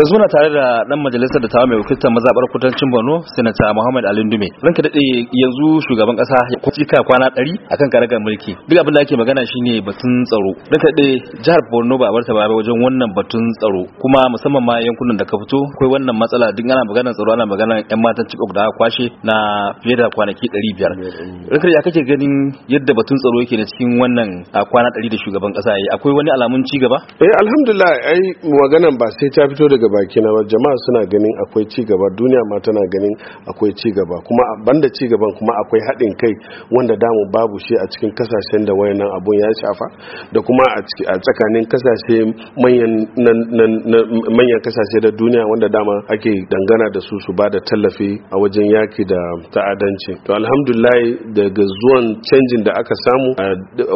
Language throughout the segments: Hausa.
yanzu muna tare da dan majalisar da tawa mai wakiltar mazabar kudancin Borno Sanata Muhammad alindume ranka dade yanzu shugaban kasa ya kwaci ka kwana 100 akan karagar mulki duk abin da ake magana shine batun tsaro ranka dade jihar Borno ba barta ba wajen wannan batun tsaro kuma musamman ma yankunan da ka fito akwai wannan matsala duk ana maganar tsaro ana maganar yan matan cikok da aka kwashe na fiye da kwanaki 500 ranka ya kake ganin yadda batun tsaro yake da cikin wannan kwana dari da shugaban kasa yi akwai wani alamun ci gaba eh alhamdulillah ai maganar ba sai ta fito daga cigaba baki na jama'a suna ganin akwai cigaba duniya ma tana ganin akwai cigaba kuma banda cigaban kuma akwai haɗin kai wanda damu babu shi a cikin kasashen da wayannan abun ya shafa da kuma a tsakanin kasashe manyan kasashe da duniya wanda dama ake dangana da su su ba da tallafi a wajen yaki da ta'adanci to alhamdulillah daga zuwan canjin da aka samu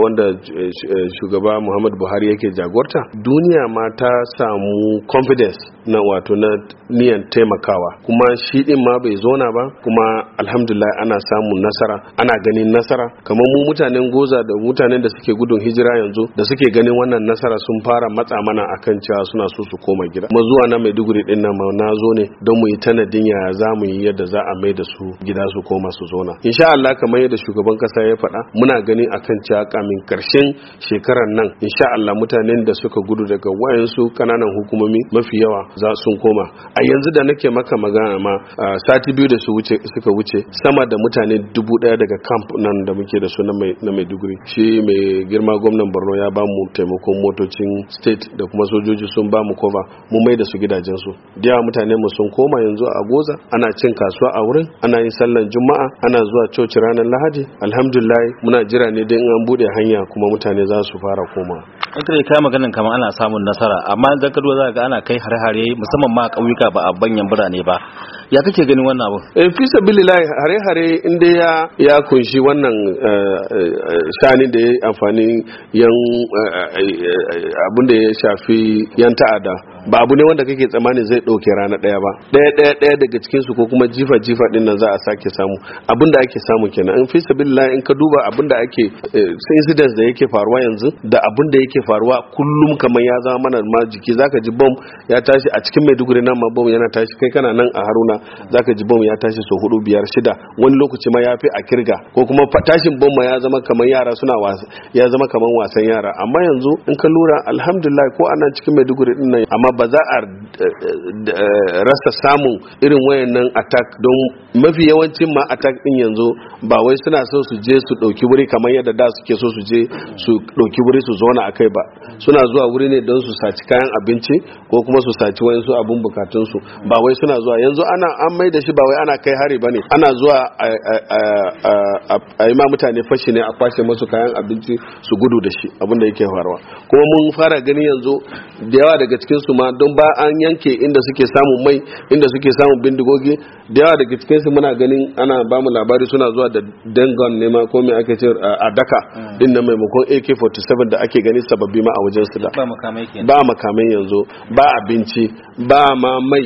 wanda eh, shugaba muhammad buhari yake jagorta duniya ma ta samu confidence na wato na niyan taimakawa kuma shi din ma bai zona ba kuma alhamdulillah ana samun nasara ana ganin nasara kamar mu mutanen goza da mutanen da suke gudun hijira yanzu da suke ganin wannan nasara sun fara matsa mana akan cewa suna so su koma gida kuma zuwa na maiduguri din nan na zo ne don mu yi tanadin ya za mu yi yadda za a mai da su gida su koma su zona insha Allah kamar yadda shugaban kasa ya faɗa muna ganin akan cewa kamin karshen shekarar nan insha Allah mutanen da suka gudu daga wayansu kananan hukumomi mafi yawa za sun koma a yanzu da nake maka magana ma sati biyu da su wuce suka wuce sama da mutane dubu daya daga camp nan da muke da su na maiduguri shi mai girma gwamnan borno ya ba mu taimakon motocin state da kuma sojoji sun ba mu kova mu mai da su gidajensu da yawa mutane mu sun koma yanzu a goza ana cin kasuwa a wurin ana yin sallan juma'a ana zuwa coci ranar lahadi alhamdulillah muna jira ne don an bude hanya kuma mutane za su fara koma an kare kai maganin kamar ana samun nasara amma da ka za ga ana kai harhare musamman ma a kauyuka ba a banyan birane ba ya kake ganin wannan abu eh fi hare-hare inda ya ya kunshi wannan eh, eh, shani da ya amfani yan eh, abun da ya shafi yan ta'ada ba abu ne wanda kake tsammanin zai ɗauke rana daya ba ɗaya daya ɗaya daga cikin su ko kuma jifa jifa ɗin nan za a sake samu abinda ake samu kenan in fi sabilillah in ka duba abinda ake eh, incidents da yake faruwa yanzu da abinda yake faruwa kullum kamar ya zama mana ma jiki zaka ji bom ya tashi a cikin Maiduguri nan ma bom yana tashi kai kana nan a Haruna zaka ji bom ya tashi so hudu biyar shida wani lokaci ma ya fi a kirga ko kuma tashin bom ma ya zama kamar yara suna wasa ya zama kamar wasan yara amma yanzu in ka lura alhamdulillah ko ana cikin Maiduguri din nan amma ba za a eh, eh, rasa samun irin wayannan attack don mafi yawancin ma attack din yanzu ba wai suna so su je su dauki wuri kamar yadda da suke so su je su dauki wuri su zauna a kai ba suna zuwa wuri ne don su saci kayan abinci ko kuma su saci su abun bukatun su ba wai suna zuwa yanzu ana an mai da shi ba wai ana kai hari bane ana zuwa a yi ma mutane fashi ne a kwashe masu kayan abinci su gudu da shi abinda yake faruwa kuma mun fara ganin yanzu da yawa daga cikin su ma don ba an yanke inda suke samun mai inda suke samun bindigogi da yawa daga cikin su muna ganin ana ba mu labari suna zuwa da dangon ne ma ko ake ce a daka hmm. din na maimakon AK47 da ake gani sababbi ma a wajen su da ba makamai yanzu ba abinci ba ma mai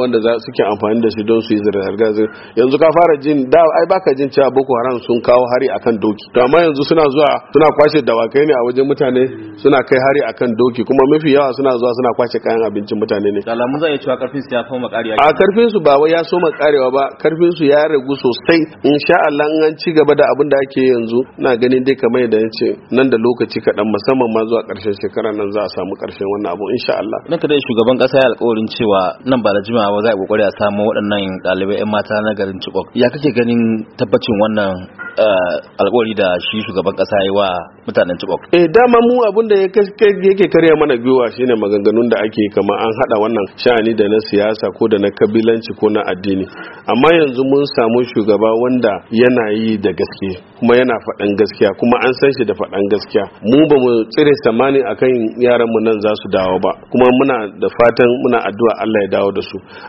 wanda za suke amfani da shi don su yi zirga-zirga yanzu ka fara jin da ai baka jin cewa Boko Haram sun kawo hari akan doki to amma yanzu suna zuwa suna kwashe dawakai ne a wajen mutane suna kai hari akan doki kuma mafi yawa suna zuwa suna kwashe sace kayan abincin mutane ne alamun zai a cewa karfin su ya soma karewa a karfin su ba wai ya soma karewa ba karfin su ya ragu sosai insha Allah an ci gaba da abin da ake yanzu na ganin dai kamar yadda ce nan da lokaci kaɗan musamman ma zuwa ƙarshen shekara nan za a samu ƙarshen wannan abu insha Allah nan kadai shugaban ƙasa ya alƙawarin cewa nan ba da jimawa ba za a kokari a samu waɗannan ɗalibai 'yan mata na garin Chibok ya kake ganin tabbacin wannan Eh, alkawari da shi shugaban kasa yi wa mutanen Chibok. Eh dama mu abin da yake karya mana gwiwa shine maganganun da ake kama an hada wannan sha'ani da na siyasa ko da na kabilanci ko na addini. Amma yanzu mun samu shugaba wanda yana yi da gaske kuma yana faɗan gaskiya kuma an san shi da faɗan gaskiya. Mu ba mu tsire samani akan yaran mu nan za su dawo ba kuma muna da fatan muna addu'a Allah ya dawo da su.